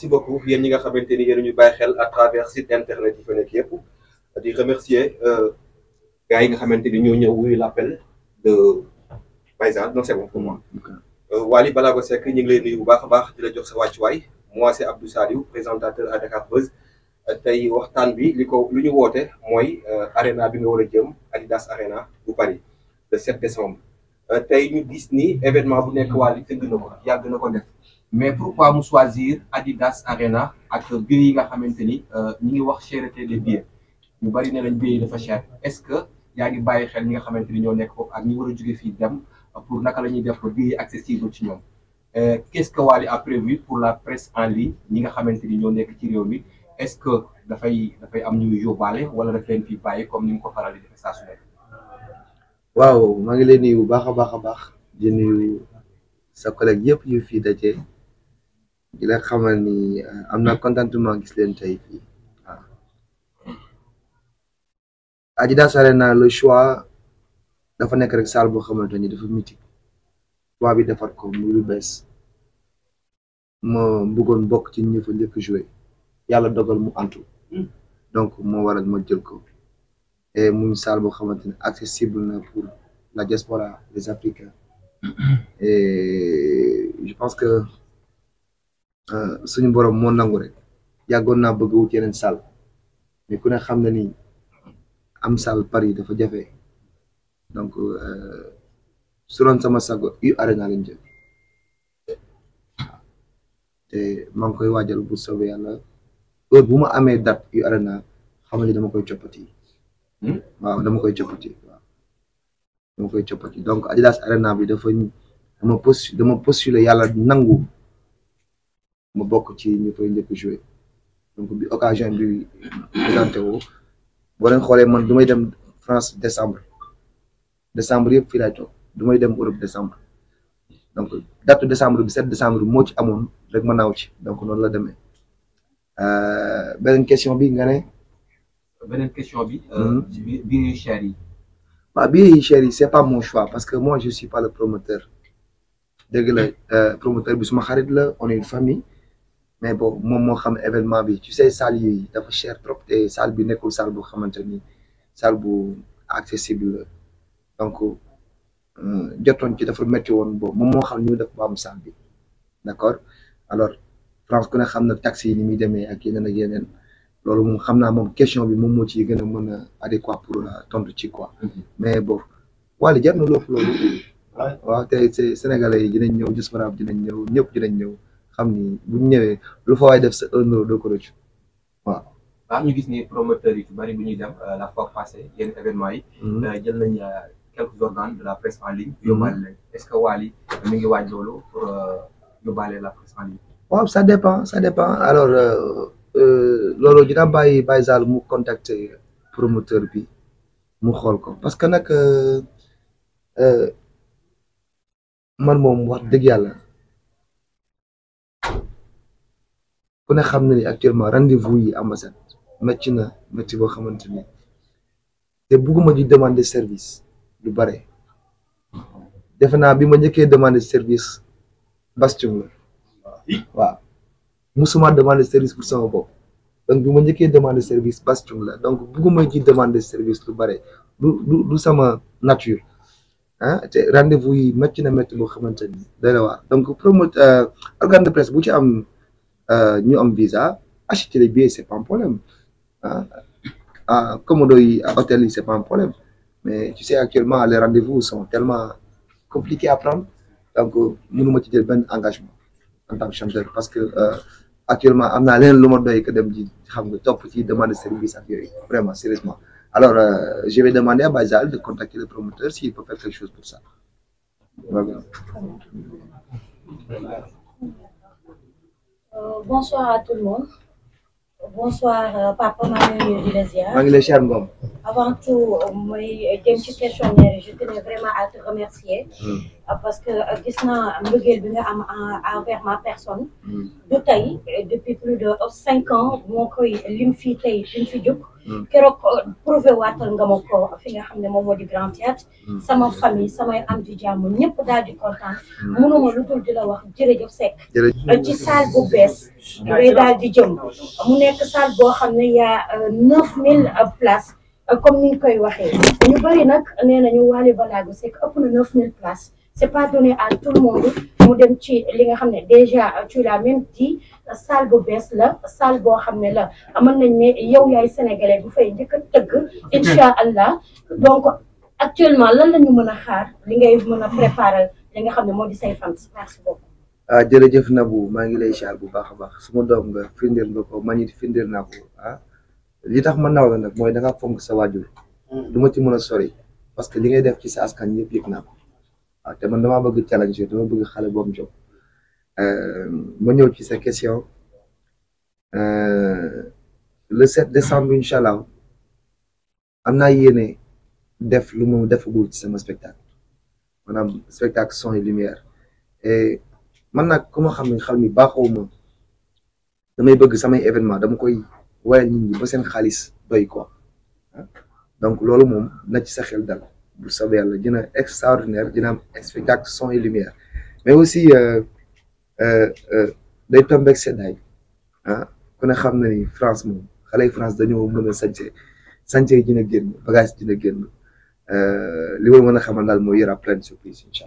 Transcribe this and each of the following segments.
merci beaucoup yéen ñi nga xamante ni yéen ñu bàyyi xel à travers site internet yi fa nekk yëpp di remercier euh, gars yi nga xamante ni ñoo ñëw wuyu l'appel de Baïsa non c'est bon pour moi. Euh, Wally ñu ngi bu baax a baax di la jox sa wàccuwaay moi c'est Abdou Saliou présentateur à Dakar Buzz euh, tey waxtaan bi li ko lu ñu woote mooy arena bi nga war a jëm Adidas Arena bu Paris le 7 décembre tey ñu gis ni événement bu nekk Wally tëgg na ko yàgg na ko def. mais pourquoi mu choisir Adidas Arena ak billets yi nga xamante ni euh, ñi ngi wax cherté des billets ñu bari ne lañ billets dafa cher est-ce que yaa ngi bàyyi xel ñi nga xamante ni ñoo nekk foofu ak ñu war a jóge fii dem pour naka la ñuy def ba billets yi accessible ci ñoom euh, qu'est-ce que Wally a prévu pour la presse en ligne ñi nga xamante ni ñoo nekk ci réew mi est-ce que dafay dafay am ñuy yóbbaale wala daf leen fi bàyyi comme ni mu ko faral di defee saa su waaw maa ngi leen nuyu bu baax a baax a baax di nuyu sa collègue yëpp yu fi daje. di la xamal ni am uh, ah. na contentement gis leen tey fii waaw Adidas Arena le choix dafa nekk rek salle boo xamante ni dafa mythique choix bi defar ko muy lu bees ma bëggoon bokk ci ñi fa njëkk joué yàlla dogal mu antu hmm. donc moo waral ma jël ko et muy salle boo xamante ni accessible na pour la diaspora les africains et je pense que Euh, suñu borom moo nangu rek yàggoon naa bëgg wut yeneen salle mais ku ne xam ne ni am salle Paris dafa jafe donc euh, su sama sago yu arena lañ jël te maa ngi koy waajal bu soobee yàlla heure bu ma amee date yu arena xam ne hmm? dama koy coppati waaw dama koy coppati waaw koy coppati donc Adidas arena bi dafa dama postu dama postulé yàlla nangu. mu bokk ci ñu fay njëkk joué donc bi occasion bi présenté woo boo leen xoolee man du may dem France décembre décembre yëpp fii laay toog dem Europe décembre donc date décembre bi 7 décembre moo ci amoon rek ma naaw ci donc noonu la demee euh, beneen question bi nga ne. beneen question bi. Euh, hmm. biir yu cher yi. waaw biir yu cher yi c'est pas mon choix parce que moi je suis pas le promoteur dégg la euh, promoteur bi suma xarit la on une famille. mais bon moom moo xam événement bi tu sais salle yi dafa cher trop te salle bi nekkul salle bu xamante ni salle bu accessible la donc euh, jotoon ci dafa métti woon bo moom moo xam ñu def ba am salle bi d'accord alors France ku ne xam na taxi yi ni muy demee ak yeneen a yeneen loolu moom xam naa moom question bi moom moo ci gën a mën a adéquat pour tontu ci quoi mm-hmm. mais bon wala jar na loofu loolu waaw te Sénégalais yi dinañ ñëw diaspora bi dinañ ñëw ñëpp dinañ ñëw xam ni bu ñu ñëwee lu fa waay def sa un euro waaw. waaw ñu gis ni promoteurs yi bari bu ñuy dem euh, la fois passée yenn événement yi. Mhm. Euh, jël nañ euh, quelques organes de la presse en ligne. yóbbaale leen est-ce que Wally mi ngi waaj loolu pour yóbbaale la presse en ligne. waaw ça dépend ça dépend alors loolu dinaa bàyyi Baye Zall mu contacter promoteur bi mu xool ko parce que nag man moom wax dëgg yàlla. ku ne xam na ni actuellement rendez-vous yi Amazone métti na métti boo xamante ni te bugguma di demande service lu bare defe naa bi ma njëkkee demander service bastion la waaw musuma demander service bu sama bo donc bi ma njëkkee demander service bastion la donc bugguma di demande service lu bare lu lu lu sama nature ah te rendez-vous yi métti na métti boo xamante ni day donc promote euh, organe de presse bu ci am Euh, ñu am visa acheter les billets c'est pas un problème ah, ah commodo yi hôtel yi c'est pas un problème mais tu sais actuellement les rendez-vous sont tellement compliqués à prendre donc euh, mënuma ci jël benn engagement en tant que chanteur parce que euh, actuellement am naa leneen lu ma doy que dem ji xam nga topp ci demande service ak yooyu vraiment sérieusement alors euh, je vais demander à Bajal de contacter le promoteur s'il peut faire quelque chose pour ça voilà. Euh, bonsoir à tout le monde bonsoir euh, papa maa ngi nuyu di la ziar maa ngi lay ziar Ngom. avant tout euh, mooy jëm ci questionnaire je tenais vraiment à te remercier. Mm. Euh, parce que euh, gis naa mbëggeel bi nga am euh, envers ma personne. Mm. du tey depuis plus de cinq ans moo koy lim fii tey lim fi jóg. Mm. keroog prouvé waatal nga ma ko fi nga xam ne moom moo di Grand Théâtre mm. sama famille sama am di jàmm ñëpp daal di kontaan. mënuma lu dul di la wax jërëjëf Seck. ci salle bu bees. ngay daal di jëm mu nekk salle boo xam ne y' a neuf mille places comme ni ñu koy waxee. ñu bëri nag nee nañu Wally Ballago Seck ëpp na neuf mille places. c'est pas donné à tout le monde mu dem ci li nga xam ne déjà tu l'as même dit salle bu bees la salle boo xam ne la mën nañ ne yow yaay sénégalais bu fay njëkk allah donc actuellement lan la ñu mën a xaar li ngay mën a préparer li nga xam ne moo di say fan ah, jërëjëf Nabou maa ngi lay siyaar bu baax a baax suma doom nga firndeel nga ko man it ah, li tax ma naw la mooy da nga fonk sa waajur mm. du ma ci mën a sori parce que li ngay def ci sa askan yëpp yëg waaw te man damaa bëgg challenge dama bëgg xale boobu jóg euh, ma ñëw ci sa question euh, le 7 décembre incha allah am naa yéene def lu mu defagul ci sama spectacle maanaam spectacle son et lumière e man nag ku xam ne xam ni baaxoo ma damay bëgg samay événement dama koy wayal nit ñi ba seen xaalis doy koi ah, donc loolu moom na ci sa xel dal bu soobee yàlla dina extraordinaire dina am spectacle son et lumière mais aussi euh, euh, euh, day tombeeg seddaay ah ku ne xam na ni France moom xale yi France dañoo mën a sàncee sàncee dina génn bagage dina génn li ma mën a xamal daal mooy yëra pleine surprise incha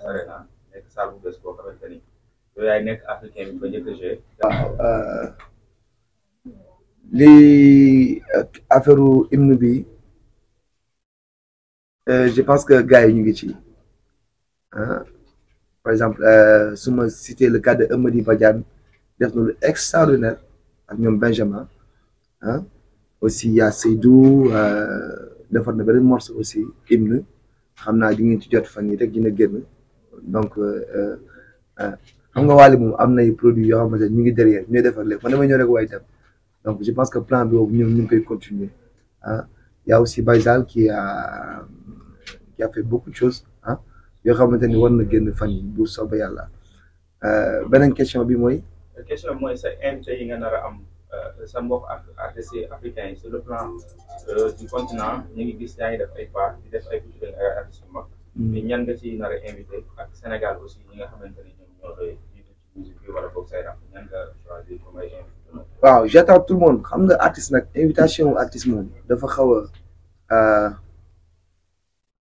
allah salle bu bees boo xamante ni yow yaay nekk africain bi ba njëkk a waaw euh, lii affaire hymne bi euh, je pense que gars yi ñu ngi ci par exemple euh, su ma cité le cas de Amady Badiane def na lu extraordinaire ak ñoom Benjamin ah aussi y a Seydou defar na beneen morceau aussi hymne xam naa di ngeen ci jot fan yi rek dina génn. donc euh, euh, euh, xam nga Wally moom am nay produits yoo xamante ne ñu ngi derrière ñooy defar lépp man damay ñëw rek waaye tam donc je pense que plan bi boobu ñoom ñu koy continuer ah y a aussi Baysal qui a qui a fait beaucoup ah, yoo xamante ni war na génn fan yi bu soobee yàlla beneen question bi mooy. question mooy sa invité yi nga nar am. sa mbokk ak artistes africains yi sur ngi gis yaa def ay pas def ay culture ay te ñan nga ci nar a ak Sénégal aussi ñi nga waaw j'attends tout le xam nga artiste nag invitation artiste moom dafa xaw a euh,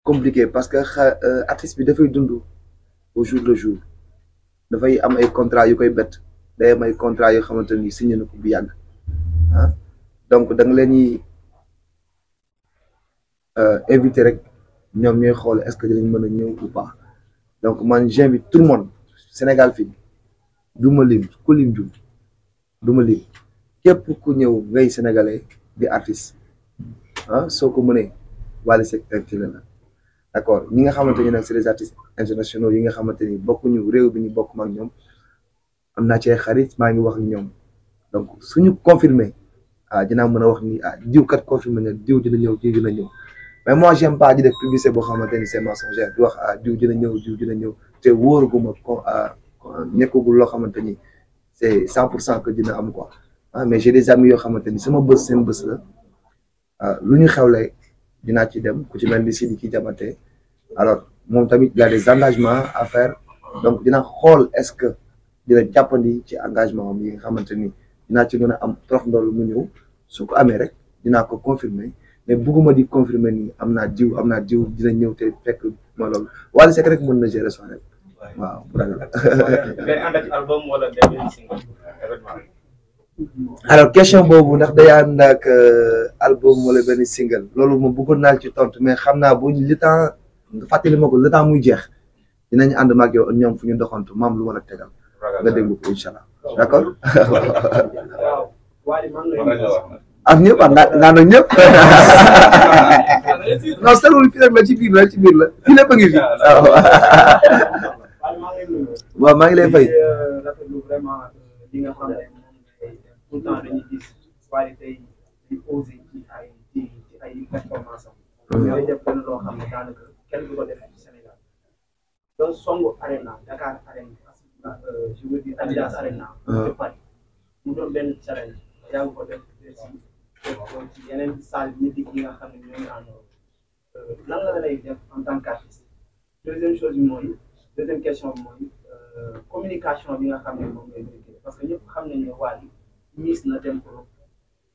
compliqué parce que euh, artiste bi dafay dund au jour le jour dafay am ay contrat yu koy bett day am contrat yoo xamante ni signé na ko bu yàgg ah. donc da nga leen ñuy euh, invité rek. ñoom ñooy xool est-ce que dinañ mën a ñëw ou donc man j'invite tout le monde Sénégal fii du ma lim ku lim jum du lim képp ku ñëw ngay sénégalais di artiste ah soo ko mënee Wally Seck la d'accord ñi nga xamante ni nag c'est des artistes internationaux yi nga xamante ni bokkuñu réew bi ñu bokk ma ak ñoom am naa cee xarit maa ngi wax ak ñoom donc suñu confirmé ah dinaa mën a wax ni ah diw kat confirmé na diw dina ñëw diw dina ñëw. mais moi j'aime pas di def publicité boo xamante ni c'est mensongère di wax ah diw dina ñëw diw dina ñëw te wóoruguma ko ah, nekkagul loo xamante ni c'est cent pour cent que dina am ko ah mais j'ai des amis yoo xamante ni sama bës seen bës la ah, lu ñu xewle dinaa ci dem ku ci mel ni si di ki jamante alors moom tamit il y a des engagements à faire donc dina xool est-ce que dina jàppandi ci engagement am yi nga xamante ni dinaa ci mën a am trop ndoolu mu ñëw su ko amee rek dinaa ko confirmer mais bugguma di confirmer nii am naa jiw am naa jiw dina ñëw te fekk ma loolu Wally Seck rek mën na gérer son rek waaw alors question boobu ndax day ànd ak euh, album wala benn single loolu moom bëggoon naa ci tontu mais xam naa bu li temps nga fàttali ma ko le temps muy jeex dinañ ànd mag yow ñoom fu ñu doxantu maam lu war a tegal nga déglu ko incha allah d'accord. ak ñëpp ak ngaa nag ñëpp non selul ci biir la ci biir la fi lépp a ngi fi ah, waaw waaw maa ngi lay fay donc euh, euh, mm-hmm. Songo Arena Dakar Arena euh, je veux dire Adidas Arena mm-hmm. de Paris mu doon benn challenge yaa ngi ko def kon ci yeneen salle mythique yi nga xam ne ñoo ngi en Europe lan la lay def en tant qu'artiste deuxième chose bi mooy deuxième question bi mooy euh, communication bi nga xam ne moom ngay déggee parce que ñëpp xam nañ ne waa yi miis na dem Europe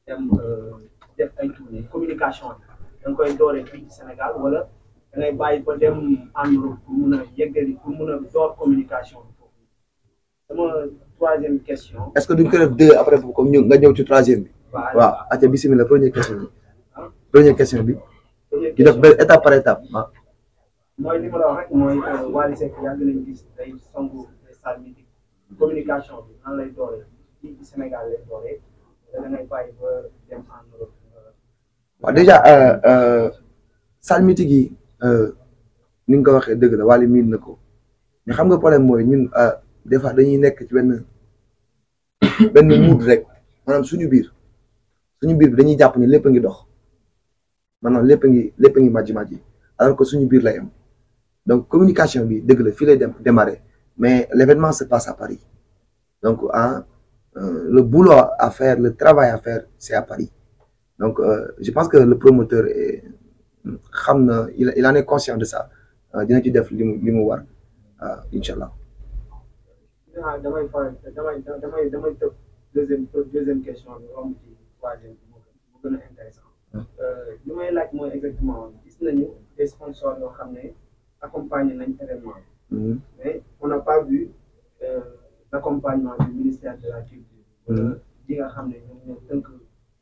dem euh, def ay tournée communication bi da nga koy dooree fii ci Sénégal wala da ngay bàyyi ba dem en Europe pour mun a yeggali pour mun a door communication bi foofu sama troisième question. est-ce que duñ ko def deux après comme ñu nga ñëw ci troisième bi. waaw aca bisimilah première question bi première question bi di def benn étape par étape ah. la euh, gis day songu communication bi nan lay doole fii ci Sénégal lay euh. déjà euh, salle yi ni nga ko waxee dëgg la Wally miin na ko xam nga problème mooy ñun des fois dañuy nekk ci benn benn mood rek maanaam suñu biir. suñu biir bi dañuy jàpp ne lépp ngi dox maanaam lépp a ngi lépp a ngi màjji màjji alors que suñu biir lay am donc communication bi dëgg la fii lay dem démarrer mais l'événement se passe à Paris donc ah euh, le boulot à faire le travail à faire c'est à Paris donc euh, je pense que le promoteur xam na il en est conscient de ça euh, dina ci def li mu li mu war incha allah. Ah, damay troisième bi moo gën a intéressant euh, lu may laaj mooy exactement gis nañu des sponsors yoo xam ne accompagné nañ événement bi mm-hmm. mais on n'a pas vu euh, l' accompagnement du ministère de la culture wala di mm-hmm. nga xam ne ñoom ñoo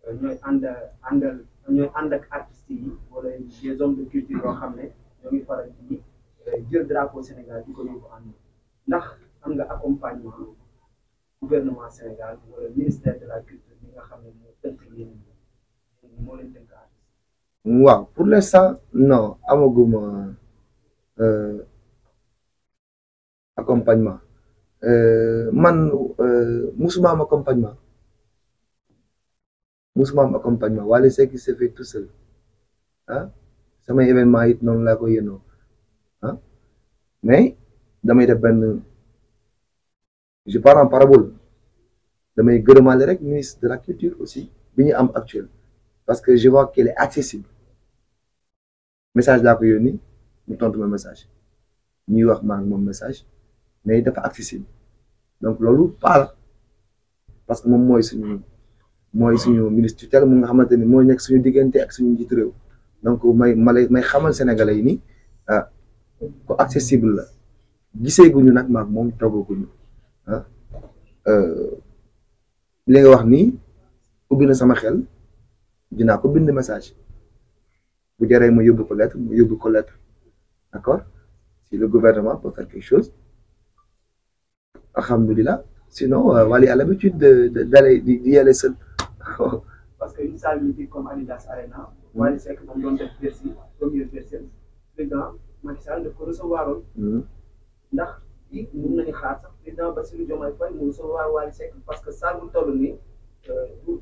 euh, ñooy ànd àndal ñooy ànd ak artistes yi wala des hommes de culture yoo xam ne ñoo ngi faral jël drapeau Sénégal di ko yóbbu ànd ndax am nga accompagnement gouvernement Sénégal wala ministère de la culture bi nga xam ne waaw pour le non amaguma euh, accompagnement euh, man euh, musuma am accompagnement musuma am accompagnement Wally Seck s'est fait tout seul ah, samay événement it noonu laa ko yénoo ah, mais damay def benn je parle parabole damay gërëmaale rek ministre de la culture aussi bi ñu am actuel parce que je vois qu'elle est accessible message laa ko yónni mu tontu ma message ñuy wax maa moom message mais dafa accessible donc loolu paala parce que moom mooy suñu mooy suñu ministre tutelle mu nga xamante ni mooy nekk suñu diggante ak suñu njiit réew donc may malay may xamal sénégalais yi ni ah ko accessible la gisee guñu nag maag moom toggaguñu ah euh, li nga wax nii ubbi na sama xel dinaa ko bind message bu jaree ma yóbbu ko lettre ma yóbbu ko lettre d'accord si le gouvernement peut faire quelque chose alhamdulilah sinon euh, Wally a l'habitude de d'aller d'y aller yi mun nañu xaar sax parce que saa mu toll nii euh,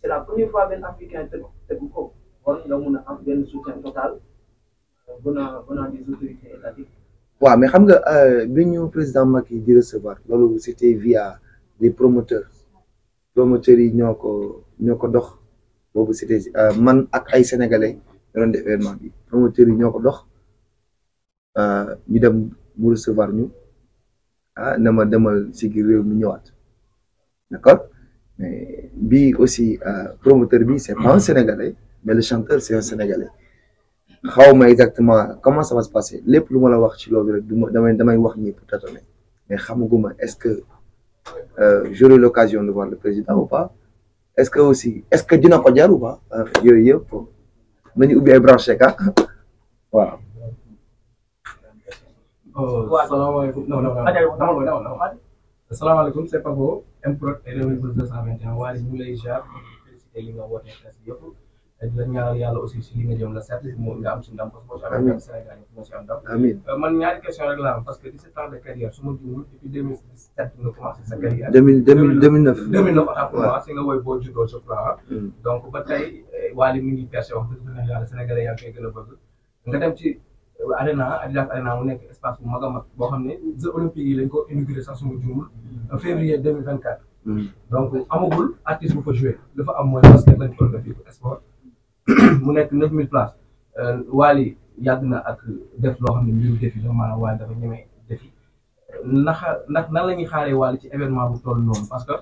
c'est la première fois benn africain tëgg tëgg ko mun a am benn soutien total euh, venant venant des autorités étatiques. waaw mais xam nga euh, bi ñu président Macky di recevoir loolu c'était via les promoteurs promoteurs yi ñoo ko ñoo ko dox boobu man ak ay sénégalais ñu doon ñoo ko dox ñu dem recevoir ñu. ah na ma demal si réew mi ñëwaat d'accord mais bii aussi ah, promoteur bi c'est pas un sénégalais mais le chanteur c'est un sénégalais xaw ma exactement comment ça va se passer lépp lu ma la wax ci loolu rek du damay damay wax ñi pour tâtonner mais xamaguma est-ce que euh, j'aurai l'occasion de voir le président ou pas est-ce que aussi est-ce que dina ko jar ou pas euh, yooyu yëpp nañu ubbi ay branches ah salaamaaleykum non non non asalaamaaleykum c'est Papo Mprod Reverbus 221 waaye ñu ngi lay ziar félicité li nga wootee test yëpp di la ñaanal yàlla aussi si li nga jëm la set moo nga am si ndam parce que boo si amee ndam Sénégal yi moo si am ndam man ñaari question rek laa am parce que 17 ans de carrière su ma jumul depuis 2017 nga commencé sa carrière 2000 2009 2009 a commencé nga woy boo juddoo je crois donc ba tey Wally mi ngi percé wax dëgg yàlla sénégalais yaa ngi koy gën a bëgg nga dem ci arena Adidas arena mu nekk espace bu mag a boo xam ne jeux lañ ko inauguré sax suma juumul mm. février deux mille vingt quatre mm. donc amagul artiste bu fa joué dafa am mooy basket lañ ko def fii sport mu nekk neuf mille places euh, Wally yàgg na ak def loo xam ne mbiru defi la maanaam Wally dafa ñemee defi ndax ndax nan la ñuy xaaree Wally ci événement bu toll noonu parce que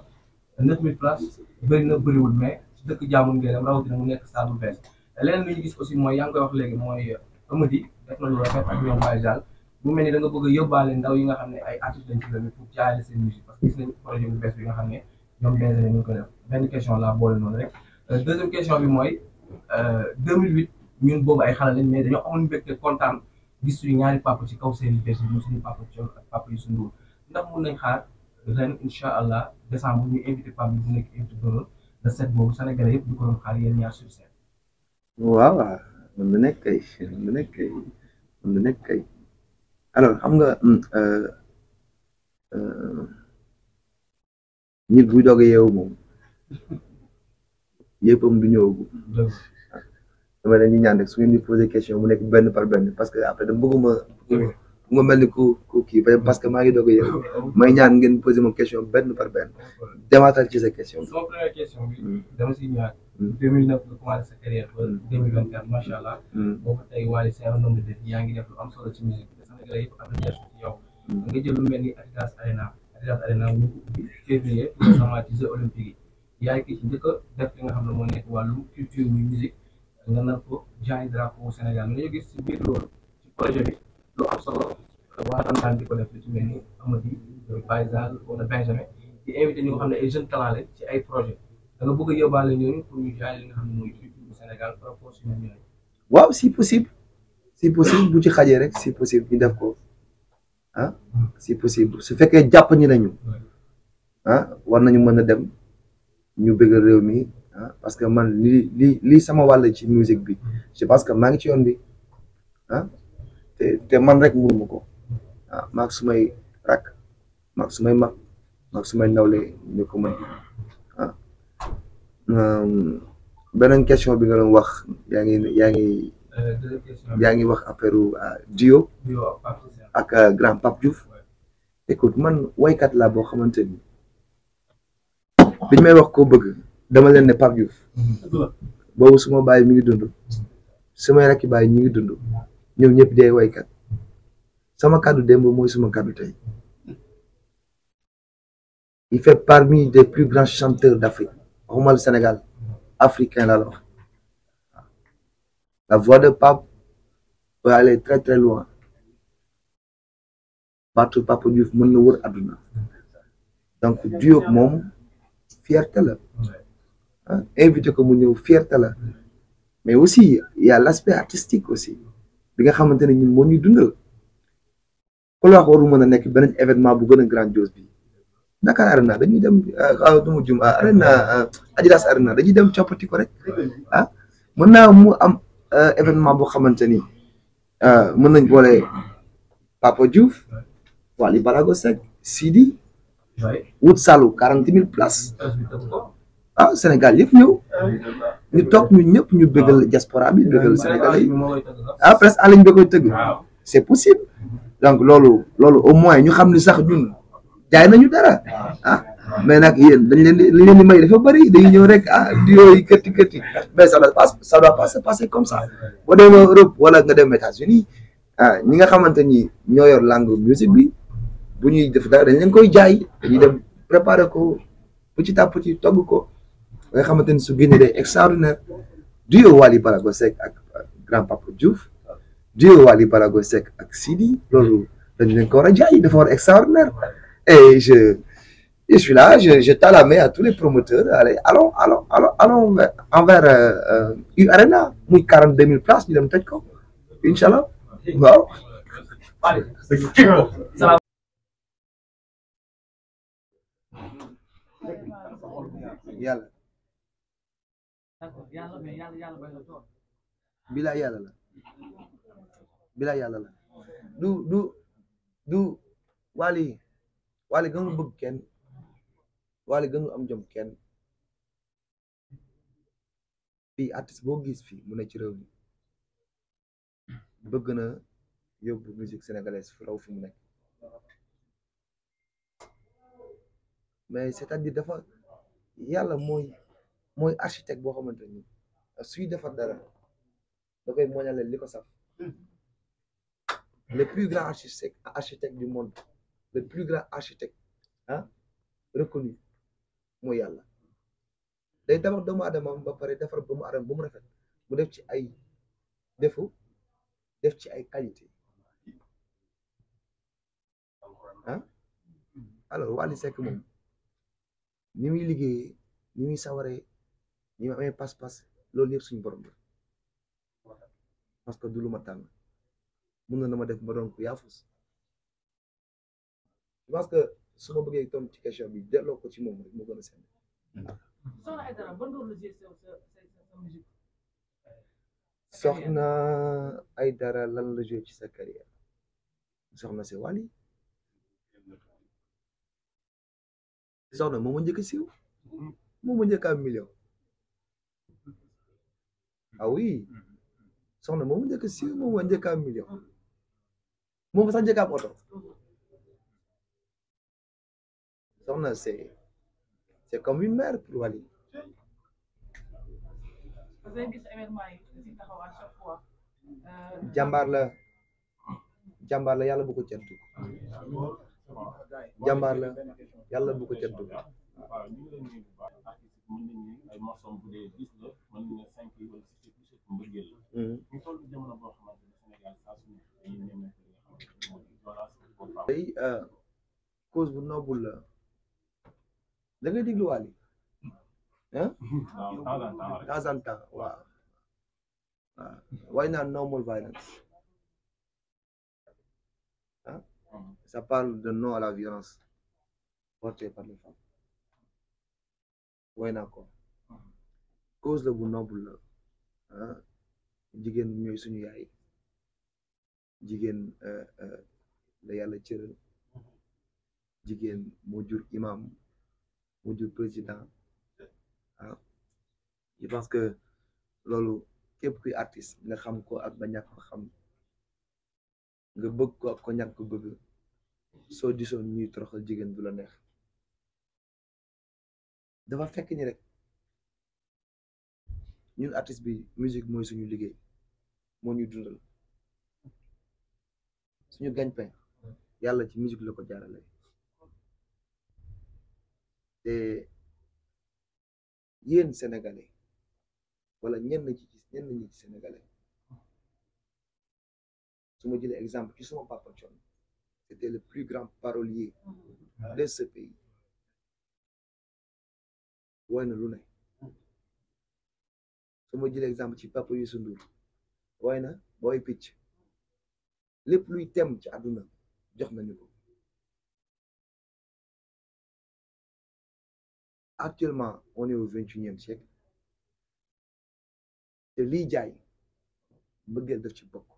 neuf mille places bëri na bëriwul mais dëkk jaamun ngeen dem mu nekk salle bu bees leneen lu ñu gis aussi mooy yaa ngi koy wax léegi mooy Amady def nañu rafet ak ñoom Baye Jall mu mel ni da nga bëgg a yóbbaale ndaw yi nga xam ne ay artistes lañ ci doon pour jaayale seen musique parce que gis nañu bi nga ne ñoom benn euh, bi mooy 2008 euh, ñun boobu ay xale lañ mais dañoo amoon mbégte kontaan gis suñu ñaari papa ci kaw seen i verse yi suñu papa Thion ak papa Youssou Ndour ndax mun nañ xaar ren incha allah décembre ñu invité Pape bi mu nekk invité d'honneur le set boobu Sénégalais yëpp di ko doon xaar yéen ñaar sur waaw. mën na nekk kay mën nekk kay mën na nekk kay alors xam nga hmm, euh, euh, nit buy doog a yeewu moom yëppam du ñëwagu dama leen ñu ñaan rek su ngeen di question mu nekk benn par benn parce que après dama bëgguma ma mel ni ku ku kii parce que maa ngi doog a yeewu ñaan ngeen posé moom question benn par benn demaatal ci sa question. 2009 nga commencé sa carrière ba 2024 macha allah. Mm. boo ko tey Wally Seck am na yaa ngi def lu am solo ci musique bi Sénégalais yëpp am nañu ci yow. Mm. nga jël lu mel ni Adidas Arena Adidas Arena mu février notamment ci Jeux yi yaa ci njëkk def li nga xam ne moo nekk wàllu culture muy musique nga nar ko jaay drapeau Sénégal nga ñu gis loolu ci projet bi lu am solo waa Tantan di ko mel ni Amady Baye Zal wala Benjamin di invité xam ne ay jeunes talent lañ ci ay projet da bëgg a yóbbaale ñooñu pour ñu jaay waaw si possible si possible bu ci xajee rek si possible ñu def ko ah si possible su fekkee jàpp ñi nañu hmm. ah war nañu mën a dem ñu bëggal réew mi ah, parce que man li li li sama wàll ci musique bi hmm. je parce que maa ngi ci yoon bi ah te man rek mënu ma ko ah maag sumay rakk maag sumay mag maag sumay nawle ñu ko mën beneen question bi nga doon wax yaa ngi yaa ngi yaa ngi wax affaire ah, Dio ak ah, grand Pape Diouf écoute man waykat la boo xamante ni may wax koo bëgg dama leen ne Pape Diouf boobu suma bàyyi mi ngi dund sumay rakki bàyyi ñu ngi dund ñoom ñëpp day waykat sama kàddu démb mooy suma kàddu tey il fait parmi des plus grands chanteurs d'Afrique waxuma la Sénégal africain laa la voix de Pape peut aller très très loin baatu Papa Diouf mën na wër àdduna donc Diop moom fierté la ah, invité ko mu ñëw fierté la mais aussi y a l'aspect artistique aussi bi nga xamante ne ñun moo ñuy dundal ku la mën a nekk beneen événement bu gën a grandiose bi Dakar Arena dañuy dem du ah, ah, mu jum ah, Arena dañuy dem coppati ko rek mën naa mu am événement boo xamante ni mën nañ boole Papa Diouf Wally Balago Seck Sidi wut salu quarante mille places Sénégal yëpp ñëw ñu toog ñu ñëpp ñu bëggal diaspora bi bëggal Sénégalais yi ah presque en ligne bi tëgg c'est possible donc loolu loolu au moins ñu xam ni sax ñun jaay nañu dara ah mais nag yéen dañ leen di dañ leen di dafa bëri dañuy ñëw rek ah vidéo yi këtti këtti mais ça doit pas ça doit pas se passer comme ça boo demee Europe wala nga dem États-Unis ah ñi nga xamante ni ñoo yor langue musique bi bu ñuy def dara dañ leen koy jaay dañuy dem préparer ko petit à petit togg ko nga xamante ni su génnee day extraordinaire duo Wally Balago Seck ak grand papa Diouf duo Wally Balago ak Sidi loolu dañ leen ko war a jaay dafa war extraordinaire Et je, je suis là, je, je tends la main à tous les promoteurs. Allez, allons, envers euh, euh Arena. Muy 42 000 places, ñu dem tëj ko. Inch'Allah. Waaw. waale gën nga hmm. bëgg kenn waale gën am jom kenn fii artiste boo gis fii mu ne ci réew mi bëgg na yóbbu musique sénégalaise fu raw fu mu nekk mais c'est-à-dire dafa yàlla mooy mooy architecte boo xamante ni suy defar dara da koy moñaleel li ko saf hmm. le plus grand architecte architecte du monde le plus grand architecte ah reconnu mooy yàlla day tabax doomu aadamaam ba pare defar doomu aadama ba mu rafet mu def ci ay defu def ci ay qualité ah alors Wally Seck moom ni muy liggéeyee ni muy sawaree ni muy amee pas-pas loolu yëpp suñu borom la parce que dulu ma tànn mun na na ma def ma doon ku yaafus je pense que su ma bëggee tontu ci question bi delloo ko ci moom rek moo gën a soxna Aïdara ban lan la joué ci sa carrière soxna si Wally soxna moom a njëkk a siiw moom a njëkk am million ah soxna moom a njëkk a siiw moom am million moom sax am oto. soxna c'est c'est comme une mère pour Wally. jàmbaar la jàmbaar yàlla bu ko cantu jàmbaar yàlla bu ko cantu tey euh, cause bu noble la da ngay déglu Wally ah. temps en temps waaw waaw way naan violence ah ça parle de non à la violence portée par les femmes way naa ko cause la bu noble la ah jigéen ñooy suñu yaay jigéen euh, euh, la yàlla cëral jigéen moo jur imam ou président waaw je que loolu képp kuy artiste na xam ko ak ba ñàkk ko xam nga bëgg ko ak ko ñàkk ko bëgg soo disoon ñuy toroxal jigéen du la neex dafa fekk ñi rek ñun artiste bi musique mooy suñu liggéey moo ñuy dundal suñu gagne-pain yàlla ci musique la ko jaarale te yéen sénégalais wala ñenn ci ñenn ñi ci sénégalais su ma jëlee exemple ci suma papa Thione c'était le plus grand parolier de ce pays woy na lu ne su ma exemple ci papa Youssou Ndour woy na booy picc lépp luy tem ci àdduna jox nañu ko actuellement on est au vingt unième siècle te lii jaay mbëggeel daf ci bokk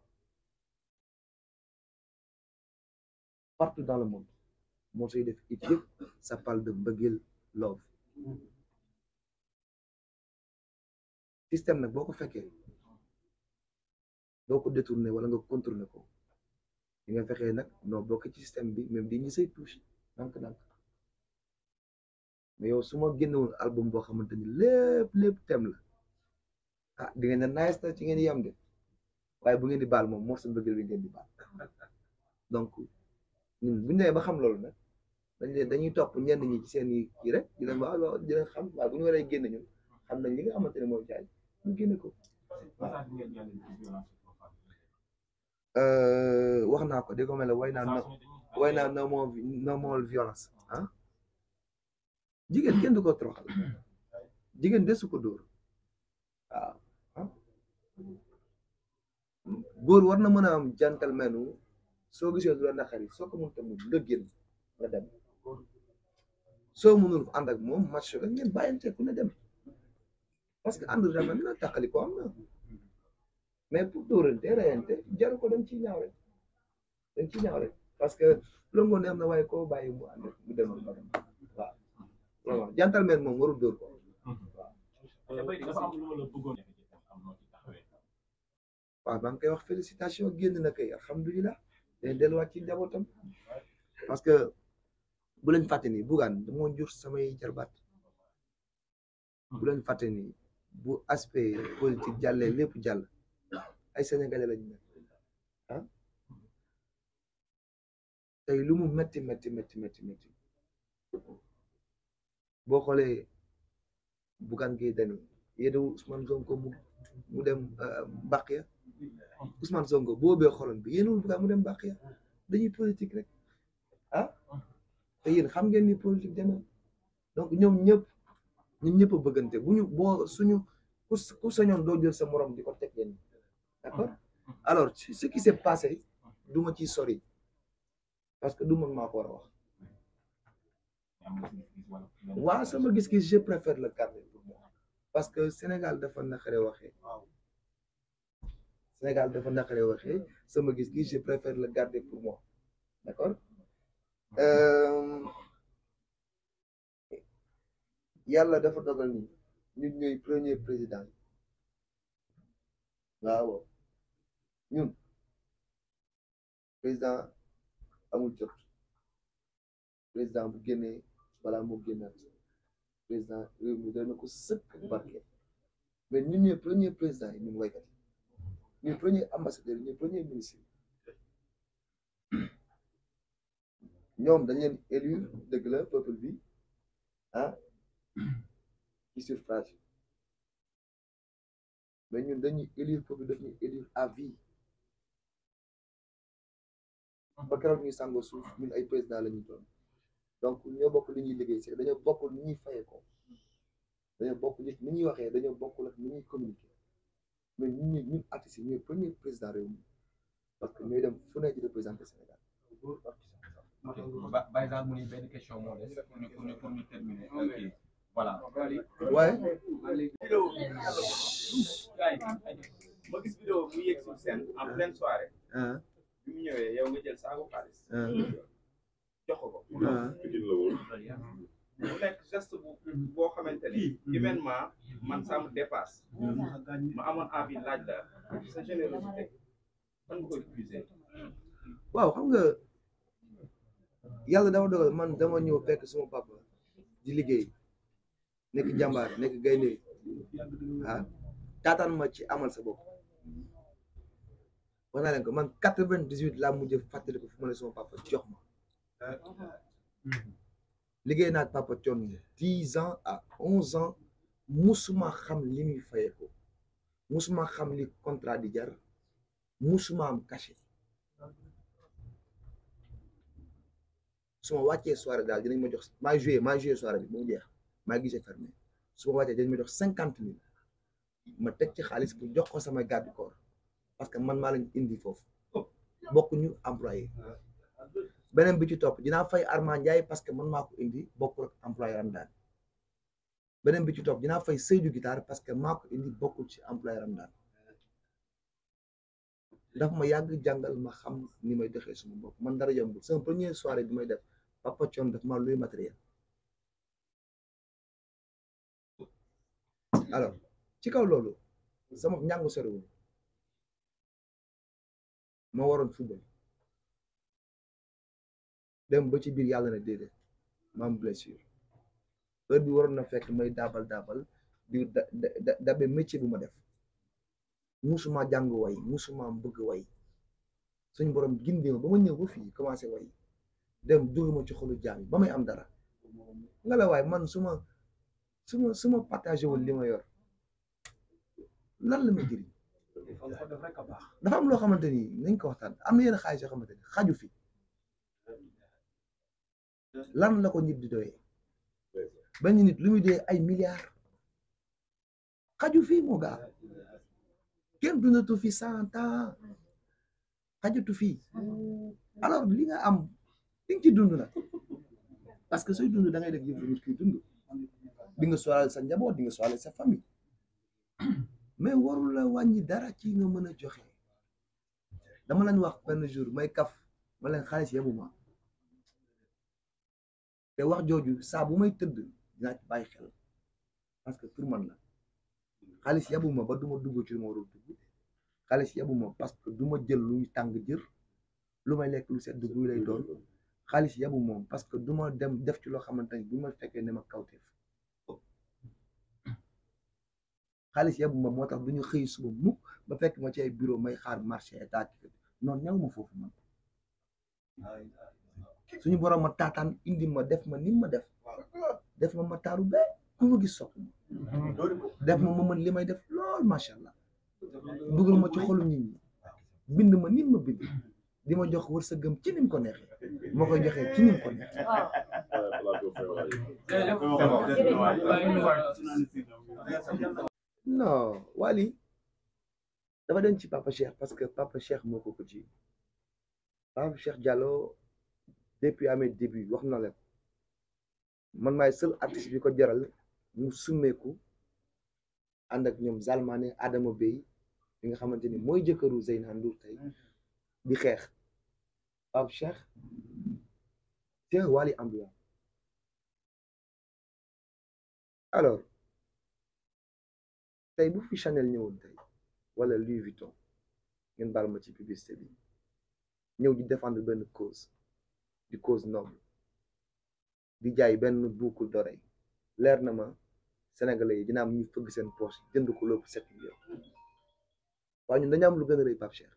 partout dans le monde moo sooy def it yëpp ça parle de mbëggeel love système nag boo ko fekkee boo ko détourné wala nga contourné ko di nga fexee nag noo bokk ci système bi même di ñu say touche dank donc mais yow su ma génnewoon album boo xamante ni lépp lépp tem la ah di ngeen ne nice na ci ngeen yem de waaye bu ngeen di baal moom morceau mbëggeel bi ngeen di baal donc ñun bu ñu ba xam loolu nag leen dañuy topp ñenn ñi ci seeni kii rek di leen waaw xam waaye bu ñu waree génn ñun xam nañ li nga xamante ne mooy jaay ñu génne ko. Euh, wax naa ko dégg ko mel ne way naa way naa no more no violence ah. jigéen kenn du ko toroxal jigéen desu ko dóor waaw góor war na mën a am gentleman soo gisee du la naqari soo ko mënut a muñ nga génn nga dem soo mënul ànd ak moom match la ngeen bàyyante ku ne dem parce que ànd dama na tàqali ko am na mais pour dóorante reyante jaru ko dañ ci ñaaw rek dañ ci ñaaw rek parce que longoon ne am na waaye koo bàyyi mu ànd mu demoon ba dem waaw jantalmeel moom warul dóor ko hm. waaw maa ngi koy wax félicitation génn na kay alhamdulilah day ci njabootam parce que bu leen fàtte bugaan moo jur samay jarbaat hm. bu leen fàtte ni bu aspect politique jàllee lépp jàll ay sénégalais lañu nekk ah tey lu mu metti boo xoolee Bougane Gueye Dany yéen Ousmane Sonko mu mu dem euh, mbàq ya Ousmane Sonko boo bee bi yéen Bougane mu dem mbàq ya dañuy politique rek ah te yéen xam ngeen ni politique demee donc ñoom ñëpp ñun ñëpp bëggante bu ñu boo suñu ku ku doo jël sa moroom di ko teg yéen d'accord alors ce qui s'est passé du ma ciy sori parce que du man maa ko war a wax. waaw sama gis-gis je préfère la carnet pour moi parce que Sénégal dafa naqare waxee Sénégal dafa naqare waxee sama gis-gis je préfère le garder pour moi d'accord euh, yàlla dafa dogal ni ñun ñooy premier président waaw ñun président amul jot président bu génnee balaa moo génnaat président réew mi doy na ko sëkk barke mais ñun ñooy premier président yi ñun waykat yi ñooy premier ambassadeur yi ñooy premier ministre ñoom dañ élu dëgg la peuple bi ah ci suffrage mais ñun dañuy élire peuple daf ñuy élire à vie ba keroog ñuy sàngoo suuf ñun ay président la ñuy doon donc ñoo bokk li ñuy liggéey si dañoo bokk li ñuy fayee ko dañoo bokk nit ni ñuy waxee dañoo bokkul ak ni ñuy communiquer mais ñun ñu ñun artistes yi ñooy premier président réew mi parce que ñooy dem fu ne di représenter Sénégal. ba Baye question moo des pour ñu pour ñu pour ñu terminer ok voilà. jox ko. Ah. mu nekk geste bu boo xamante ni humainement man ça me dépasse. ma amoon man dama ñëw fekk suma papa di liggéey nekk jàmbaar nekk gaynde ah taataan ma ci amal sa bopp wax naa man quatre-vingt-dix-huit la mujjee fàttali ko fu ma ne suma papa jox Euh, mhm. liggéey naa ak Papa Thione dix ans à onze ans musuma xam li muy fayeko musuma xam li contrat di jar musuma am cachet su ma wàccee soirée daal dinañ ma jox maa joué maa joué soirée bi mu jeex maa gisee fermé su ma wàccee dinañ ma jox cinquante mille ma teg ci xaalis bu jox ko sama garde parce que man maa lañ indi foofu oh. bokk ñu employé euh. beneen bi ci topp dinaa fay Armand Ndiaye parce que man maa ko indi bokkul ak employeur beneen bi ci topp dinaa fay Seydou Guitare parce que maa ko indi bokkul ci employeur am daan daf ma yàgg jàngal ma xam ni may doxee suma bopp man dara yombul sama première soirée bi may def Papa Thion daf ma luy matériel alors ci kaw loolu sama njàngu soriwul ma waroon football dem ba ci biir yàlla na déedéet ma am blessure heure bi waroon na fekk may daabal daabal da da dabe métier bu ma def musuma jàng woy musuma bëgg woy suñ borom gindee ma ba ma ñëw ba fii commencé way dem duguma ci xolu jaam ba may am dara nga la waay man suma suma su ma su ma partagé wul li ma yor lan la may jëriñ dafa am loo xamante ni nañ ko waxtaan am na yenn xaalis yoo xamante ni xaju fi lan la ko nit di doyee benn nit lu muy doyee ay milliards xaju fii moo gaa kenn dundatu fi cent ans xajatu fii alors li nga am li nga ci dund na parce que sooy dund da ngay def yëf nit ki dund di nga soxlaale sa njaboot di nga soxlaale sa famille mais warul la wàññi dara ci nga mën a joxe dama leen wax benn jour may kaf ma leen xaalis yebuma te wax jooju saa bu may tëdd dinaa bàyyi xel parce que man la xaalis yabuma ba duma dugg ci lu ma warul dugg xaalis yabuma parce que du ma jël luy tàng jër lu may lekk lu sedd guy lay doon xaalis yabuma parce que du dem def ci loo xamante ni bu ma fekkee ne ma kawteef xaalis yabuma moo tax duñu ñu xëy suba mukk ba fekk ma ci ay bureau may xaar marché état noonu néew ma foofu man suñu borom ma taataan indi ma def ma ni ma def def ma ma taaru ba ku ma gis sopp ma def ma ma mën li may def lool macha allah dugal ma ci xolu nit bind ma nit ma bind di ma jox wërsëgam ci nim ko neexee moo koy joxee ci nim ko neexee non Wally dafa dem ci papa Cheikh parce que papa Cheikh moo ko ko ci papa Cheikh Diallo depuis amee début wax na leen man maay sël artiste bi ko jaral mu summeeku ànd ak ñoom Zalmane Adama Bey bi nga xamante ni mooy jëkkëru Zeyna Ndour tey di xeex Pape Cheikh te Wally Ambulance alors tey bu fi Chanel ñëwoon tey wala Louis Vuitton ngeen baal ci publicité bi ñëw di défendre benn cause di cause noble di jaay benn boucle d'oreille leer na ma sénégalais yi dina am ñu fëgg seen poche jënd ko lóobu sept millions waaye ñun dañu am lu gën a rëy Pape Cheikh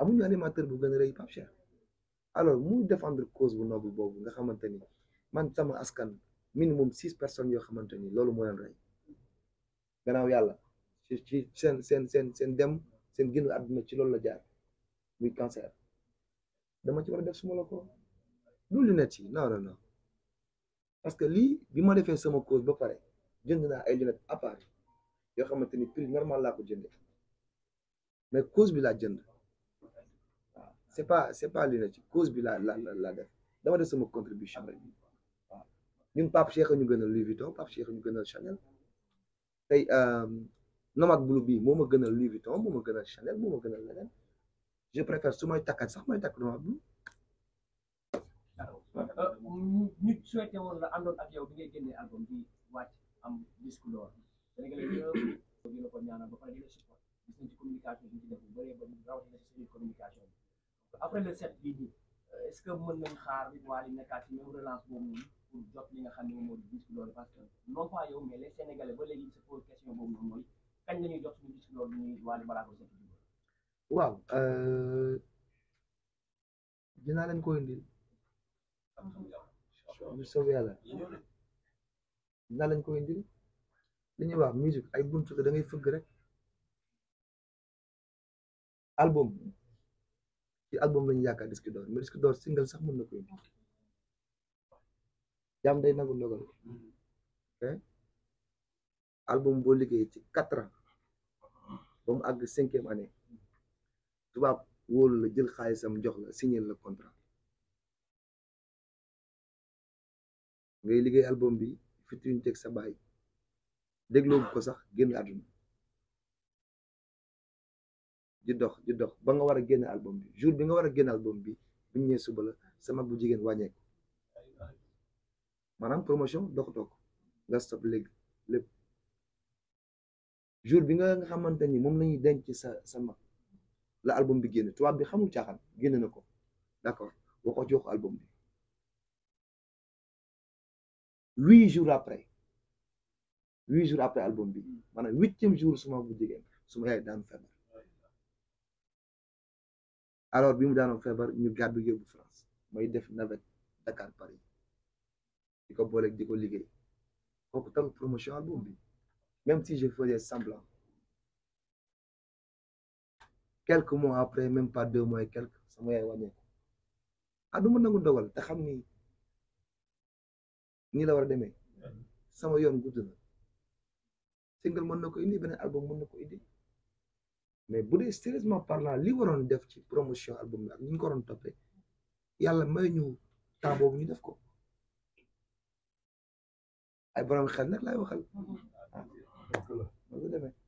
amuñu animateur bu gën a rëy Pape Cheikh alors muy défendre cause bu noble boobu nga xamante ni man sama askan minimum six persones yoo xamante ni loolu moo na rey gannaaw yàlla ci ci seen seen seen seen dem seen génn àdduna ci loolu la jaar muy cancer dama ci war a def suma la ko du lunette yi non non non parce que lii bi ma defee sama cause ba pare jënd naa ay lunette à part yoo xamante ni prix normal laa ko jënde mais cause bi laa jënd waaw c'est pas c'est pas lunette yi cause bi laa la la def dama def sama contribution rek waaw ñun Pape Cheikh ñu gënal Louis Vuitton Pape Cheikh ñu gënal Chanel tey euh, Nomad Blue bii moo ma gënal Louis Vuitton moo ma gënal Chanel moo ma gënal leneen je préfère su may takkat sax may takk noir bleu. d'accord nit souhaité woon la àndoon ak yow bi ngay génnee album bi wàcc am disque d'or Sénégalais yëpp dina ko ñaanal ba pare dina support bu bëree ba communication bi après le set bii nii euh, est-ce que mën nañ xaar li nga xam ne moom moo di disque d'or parce que non pas yow mais les Sénégalais ba léegi se pose question boobu mooy kañ la ñuy jot suñu disque d'or ñuy waa balaa ko set waaw eh, dinaa leen ko indil bu soobee yàlla dinaa leen ko indil ñuy wax musique ay buntu la da ngay fëgg rek album ci album la ñu yaakaar disque d'or mais disque d'or single sax mën na ko indi jaam day nagu ndogal ok album boo liggéey ci quatre ans ba mu àgg année tubaab wóolu la jël xaalisam jox la signé la contrat ngay liggéey album bi featuring teg sa baay dégloobu ko sax génn àdduna di dox di dox ba nga war a génn album bi bi nga war a génn album bi bu ñu nee suba la sa mag bu jigéen wàññeeku maanaam promotion dox dox nga stop léegi lépp jour bi nga nga xamante ni moom lañuy ñuy denc sa sa mag la album bi génn tubaab bi xamul caaxaan génn na ko d'accord waxoo ci waxu album bi huit jours après huit jours après album bi maanaam huitième jour suma bu su ma yaay daanu feebar alors bi mu daanoo feebar ñu gàddu yóbbu France may def navette Dakar Paris di ko booleeg di ko liggéey kooku tam promotion album bi même si je faisais semblant quelques mois après même pas deux mois quelques sama yaay wàññeeku ah du ma nangu ndogal te xam ni nii la war a demee sama yoon gudd single mën na ko indi beneen album mën na ko indi mais bu dee sérieusement parlant li waroon def ci promotion album bi ak ñu ko waroon toppee yàlla may ñu temps boobu ñu def ko ay borom xel nag lay waxal mm-hmm. ah